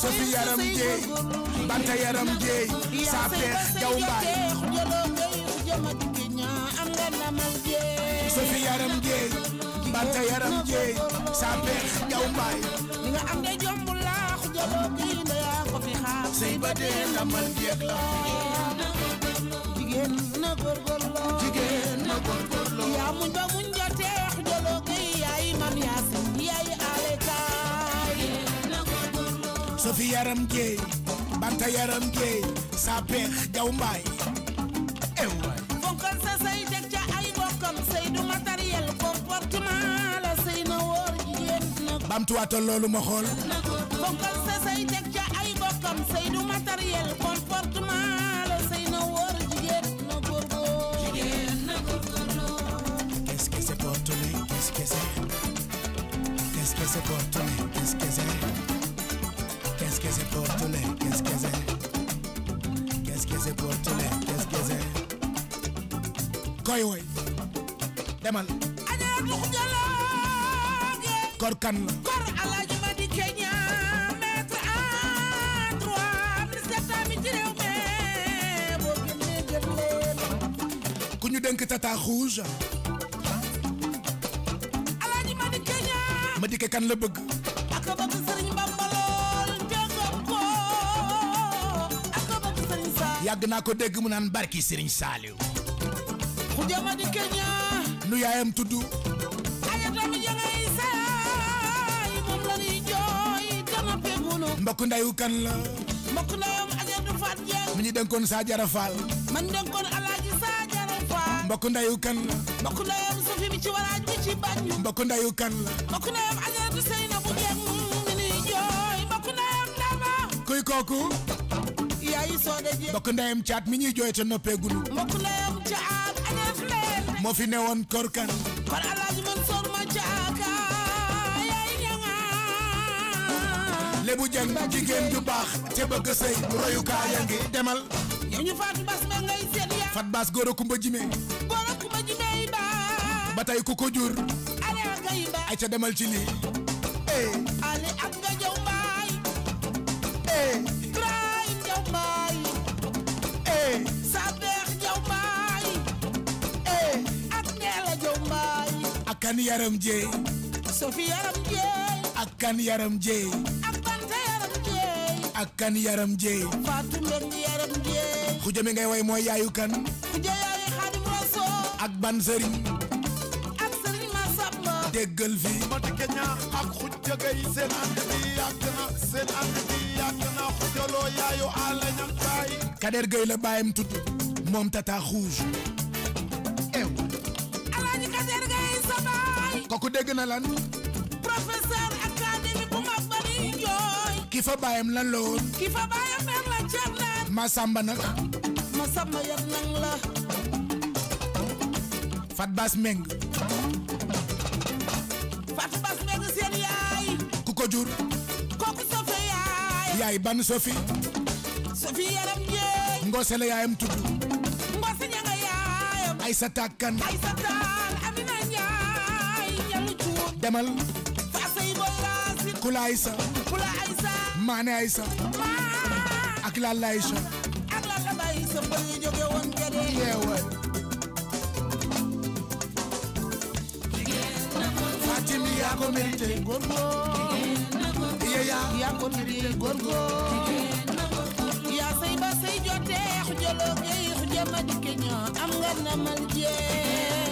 sofi yaram jeey banta yaram jeey saafe jaw mbaay sofi yaram jeey banta yaram jeey saafe jaw mbaay nga am de jombu laax jolo kii na yaa ko fi xaar sey ba dee ndamal jeeg la jigéen na góorgóorloo jigéen na góorgóorloo yaa muñ ba muñ jotee jolo kii yaay mam yaasin yaay alekaay sofi yaram jeey banta yaram géey sa peex jaw mbaay ew sa sëy teg ca ay bokkam sëy du matériel comportement la sëy na wóor jigéen na bamtuwaatal loolu ma xool fonkal sa sëy ca ay bokkam sëy du matériel comportement koy woy demal añaa du xujalaage kor kan kor alaaji ma di Kenya maître à droite ministère tamit ci réew mi boo génnee jëf leen ku ñu dénk tata rouge alaaji ma di Kenya ma di kan la bëgg ak bëgg sëriñ Bamba lool njëgam ko ak bëgg sëriñ Saaliw yàgg naa ko dégg mu naan barki sëriñ Saaliw ku jama di Kenya nu yaayam tuddu ayata mi jangay saay moom la ñuy jooy dana pegunu mbokk ndayu kan la mbokk ndayam ajadu faat jeng mi ñu denkoon Saajara Faal man denkoon Alaaji Saajara Faal mbokk ndayu kan la mbokk ndayam sufi mi ci walaaj mi ci bañu mbokk ndayu kan la mbokk ndayam ajadu Seynabu jeng mi ñuy jooy mbokk ndayam ndama kuy kooku yaay soo de jeng mbokk ndayam caat mi ñuy jooy te noppeegunu mbokk ndayam moo fi newoon korkan kon alaaji Mansoor ma jaaka yaay ñanga lebu jang jigéen ju baax te bëgg sëy royukaa yaa ngi demal ñu faatu bas ma ngay seet yaa fat bas góor a kumba jime góor a kumba jime yi ba tey ku ko jur ale ak ngay ay ca demal ci lii eh. ale ak nga jaw mbaay eh. kan yaram jee sofi yaram jee ak kan yaram jee ak banta yaram jee ak kan yaram jee faatu mbem yaram jee xuja mi ngay way mooy yaayu kan xuja yaayu xaadim rasool ak ban sëriñ ak sëriñ Masamba déggal fi ma dikke ñaa ak xuja gay seen ànd bi yàgg na seen ànd bi yàgg na xujaloo yaayu àlla ñam kaay kader gay la baayam tudd moom tata xuuj kooku dégg na lan professeur académie bu mag ba ni jooy ki fa baayam lan la woon baayam mer la cer la Masamba nag Masamba yat nang la Fat Bass Meng Fat Bass Meng seen yaay ku ko jur kooku Sofi yaay yaay ban Sofi Sofi yaram njeey Ngose la yaayam tudd Ngose ñanga yaayam Aïssata Kane Aïssata demal kula yaa ko mérité góorgóor yaa ko mérité góorgóor yaa say ba say joteex joloo geex jama am nga namal jeex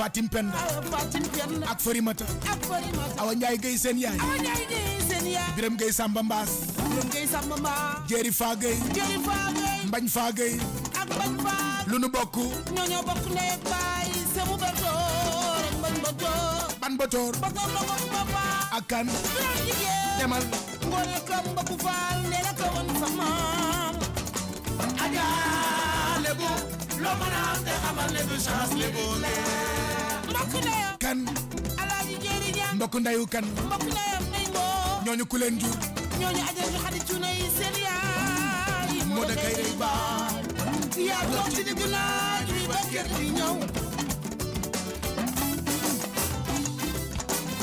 Fatim Penda ak Farimata Awa Njaay Gey seen yaay Biram Gey Samba Mbaas Jéeri Faa Gey Mbañ Faa Gey lu nu bokk ñooñoo bokk ndey baay semu batoor ak mbañ batoor ban batoor bokk papa ak kan ñamal ngoone kam ba ku faal nee la ko ajaa loo mën a am te xamal ne du chance li boole. mbokk ndeyam. kan. alaaji jëri ñam. mbokk ndeyu kan. mbokk ndeyam nay ñooñu ku leen jur. ñooñu ajal ñu xadi cuuna yi seen yaay. moo da kay rey baal. yaa toog ci diggu ba kër di ñëw.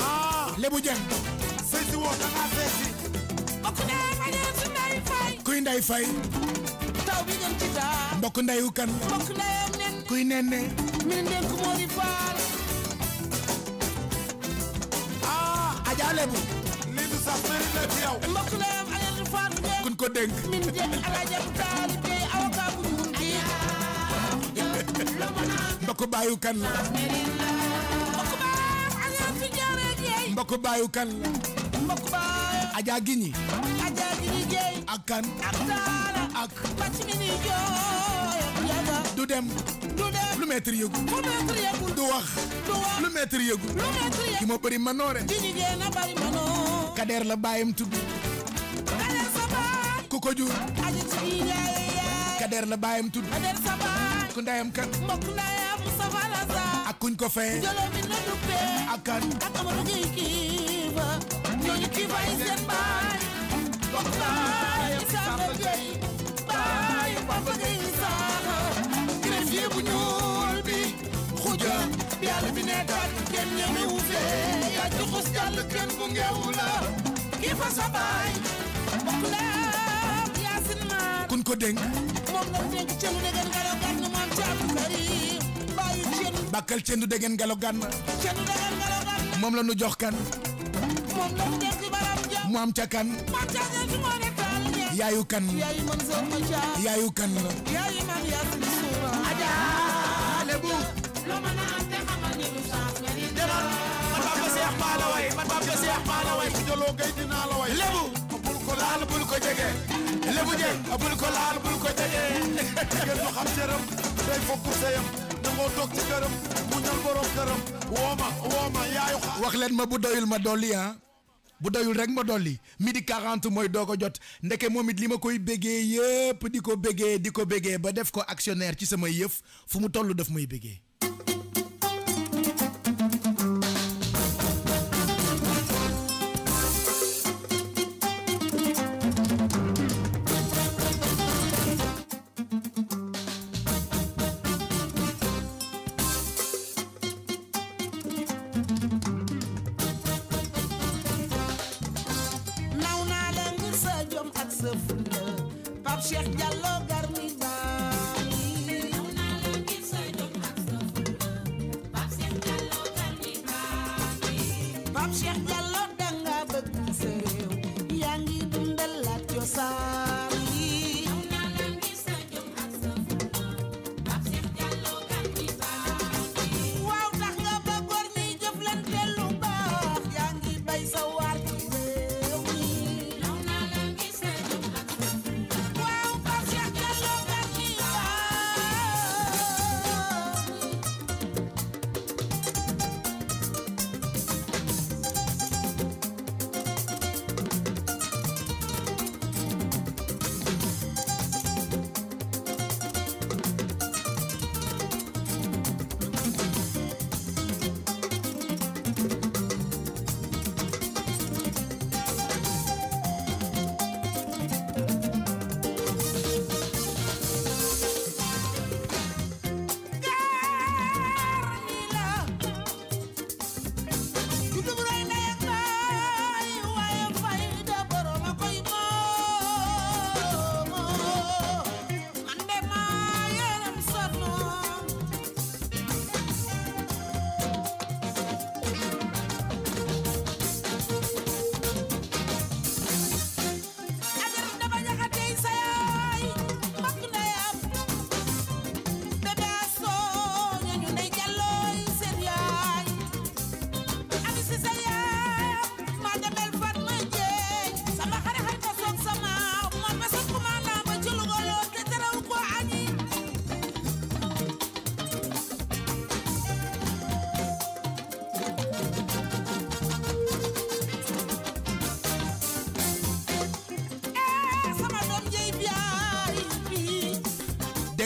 ah. lebu jeng. sëñ si woo da ngaa feesi. mbokk ndeyam añee su ndey fay. kuy ndey fay. mbokk ndeyu kan kuy nenne min nden ko mori faal ah aja lebu li du sax meri la ci yow mbokk ndeyam alal faal kun ko dénk min de alaja taal be avocat bu ñun bi mbokk baayu kan mbokk baam alal fi jaare jeey mbokk baayu kan mbokk baam aja giñi aja giñi jeey ak kan ak taal ak du dem lu maître yëgu du wax lu maître yëgu ki ma bëri ma noore kadeer la baayam tudd ku ko jur kadeer la baayam tudd ku ndayam kan ak kuñ ko fee ak kan ñooñu kii bay seen baay Bamba ngay saaxa gërëm yi bu ñuul bi xuja bi yàlla bi ne daal kenn ñemewu fee yaa ci xus yàlla kenn bu la kii fa sa baay bokk naa yaasin maar kun ko dénk moom la dénk cëlu degen ngelaw gànn maam ci Abdou Karim bàyyi cënu bàkkal cënu degen ngelaw gànn cënu degen ngelaw la nu jox kan mu am ca kan maam ca yaayu kan yaayu kan la yaayu man yasin suura ajaa lebu lebu bul ko laal bul ko jege lebu je bul ko laal bul ko jege ngeen ko xam cëram day fokk seyam nangoo toog ci këram mu ñal borom këram wooma wooma yaayu wax leen ma bu doyul ma dolli ah. bu doyul rek ma dolli midi 40 mooy doo ko jot ndeke moom it li ma koy béggee yëpp di ko bëggee di ko béggee ba def ko actionnaire ci samay yëf fu mu toll daf may béggee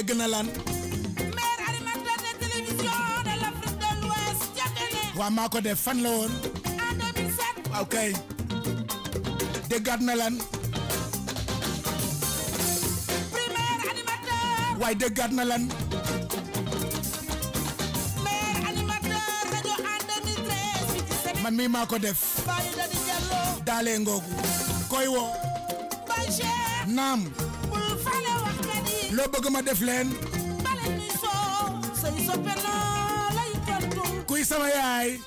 egg maa ko def fan la woon. déggaat na lan. primaire animateur. waay maire animateur rajo en man mii maa ko def. Baye Dadi Diallo. Daale Ngoogu. koy woo. Baye Cheikh. naam. loo bëgg ma def leen kuy sama yaay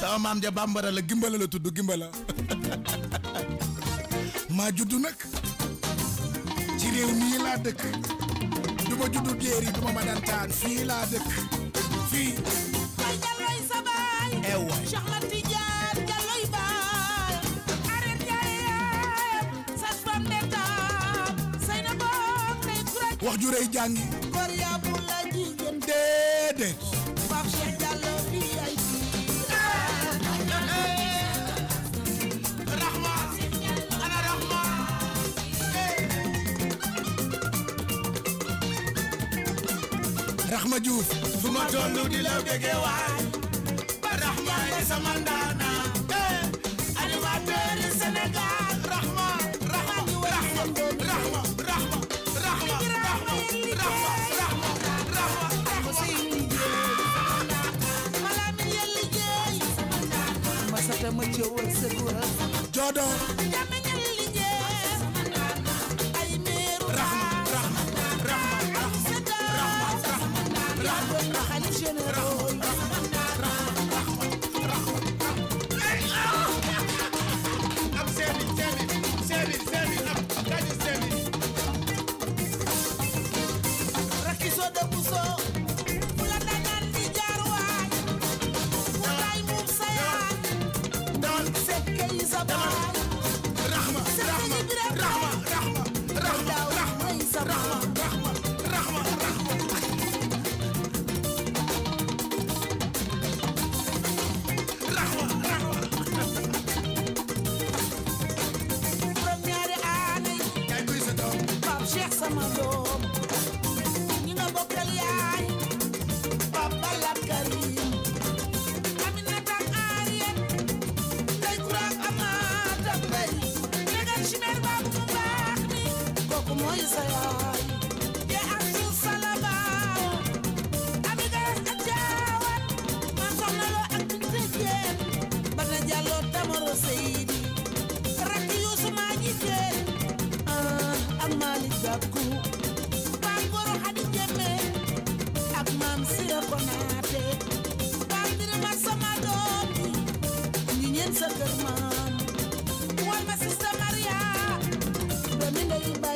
sama maam ja bambara la gimbala la tudd gimbala maa judd nag ci réew mii laa dëkk du ma juddu jéeri du ma ma dantaan fii laa dëkk fii ewa eh ju rëy jàngi déedéet Rahma Diouf fu ma tollu di la bégee waay ba Rahma sama ndaana wërsëg wa jodo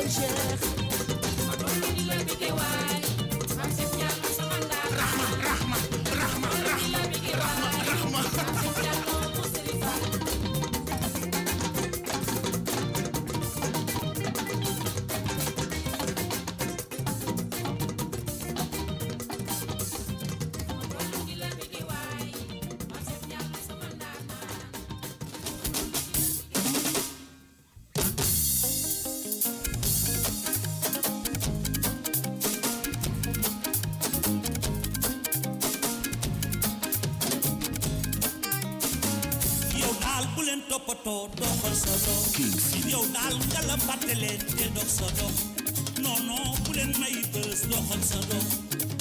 Jeff. doxaloo doxal sa dox yow daal yàlla fàtte leen te dox sa dox non non bu leen may bës doxal sa dox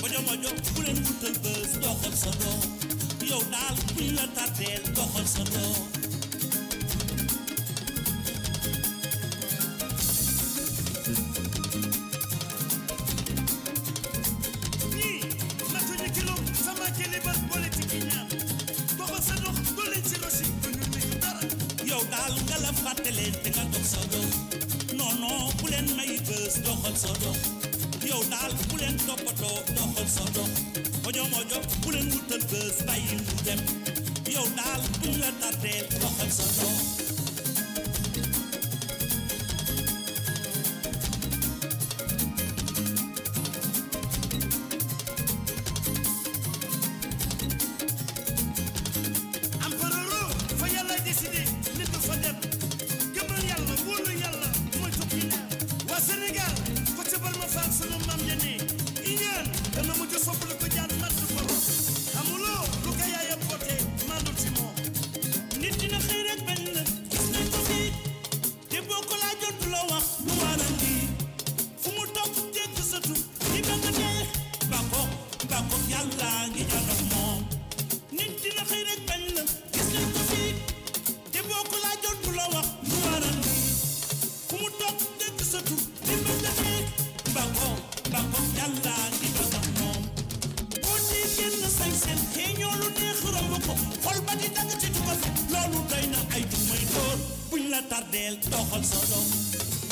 mojo mojo bu leen wutal bës doxal sa dox yow daal la tàtteel doxal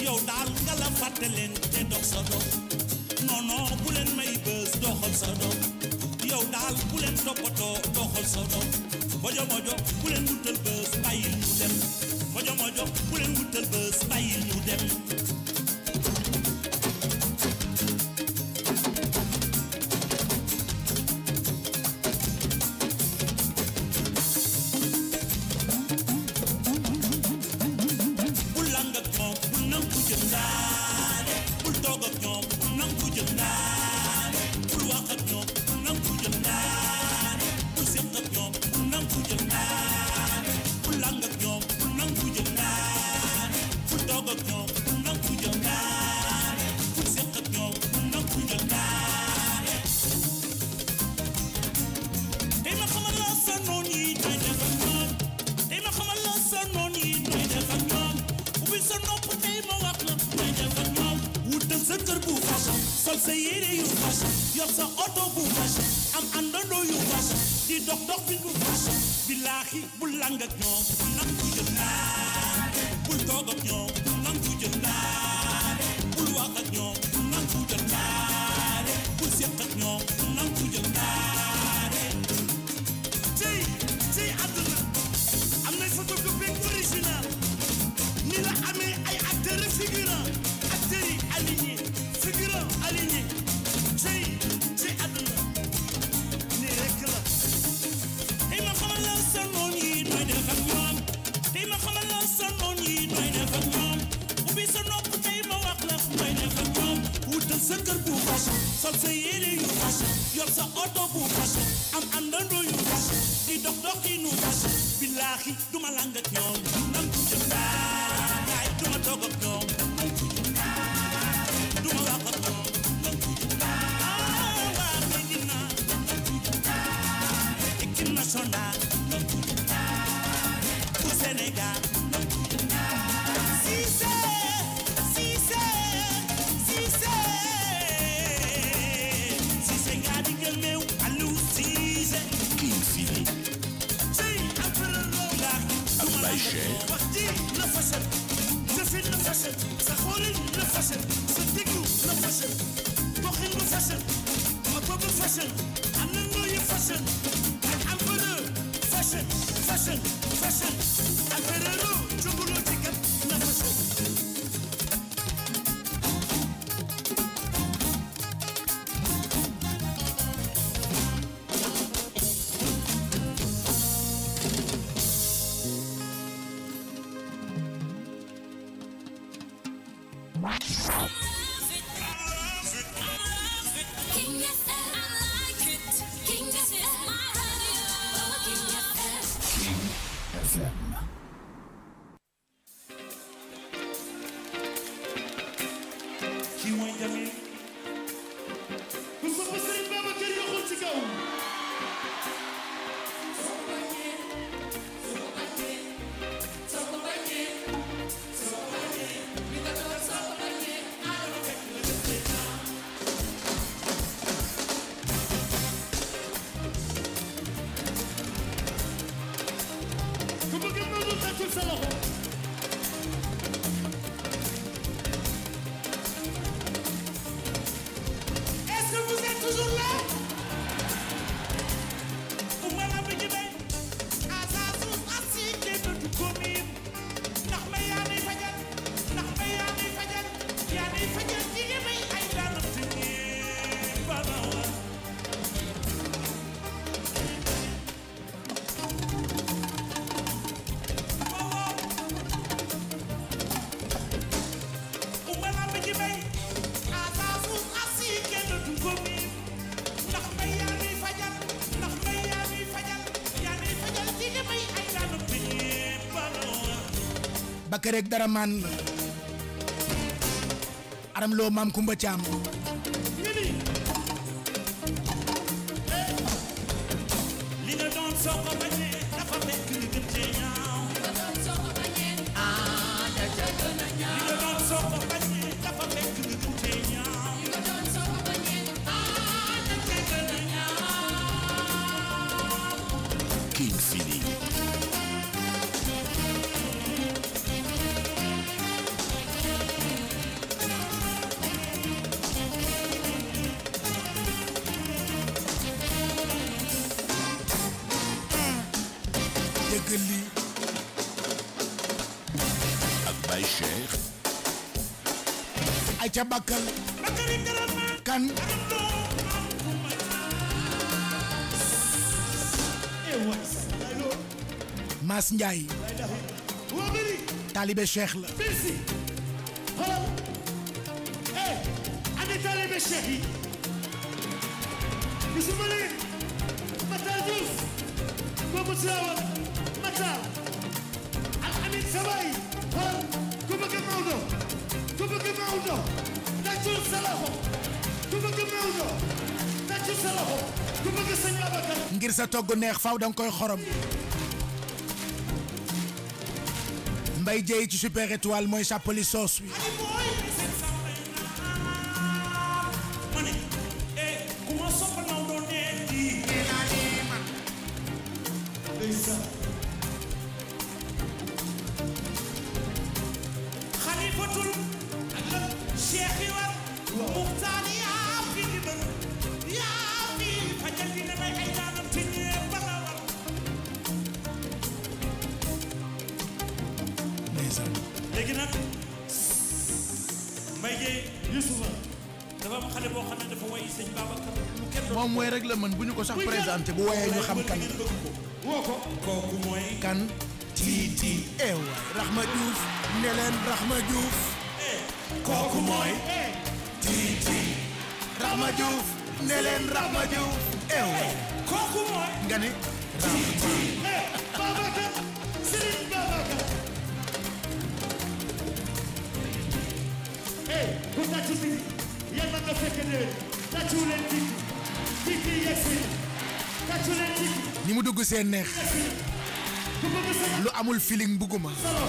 yow daal nga la fàtte leen te dox sa dox non non bu leen may bës doxal sa dox yow daal bu leen toppatoo doxal sa dox mojo mojo bu leen wutal bës bàyyil ñu dem mojo mojo bu leen wutal bës bàyyil ñu dem fashion sa déglu la fashion doxin bu fashion oto bu fashion am na nooyu fashion ak am valeur fashion fashion fashion Bakar ak dara maan aram loo maam Kumba Caam ca bakkal kan Mass Ndiaye taalibe Cheikh la taalibe Cheikh yi bismillah Matar Diouf boobu Tiwaawan Matar Al Amin Sabaay ngir sa togg neex faw danga koy xorom Mbaye Dieye ci Super mooy sàppali soos wi Bamba Diouf ew eh, eh, kooku a fekk ne tàccu leen dikk dikk yegsi tàccu leen dikk ni mu dugg seen neex lu amul feeling bugguma solo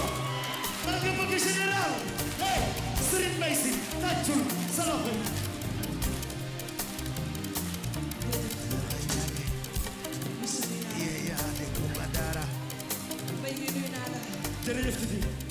Safety.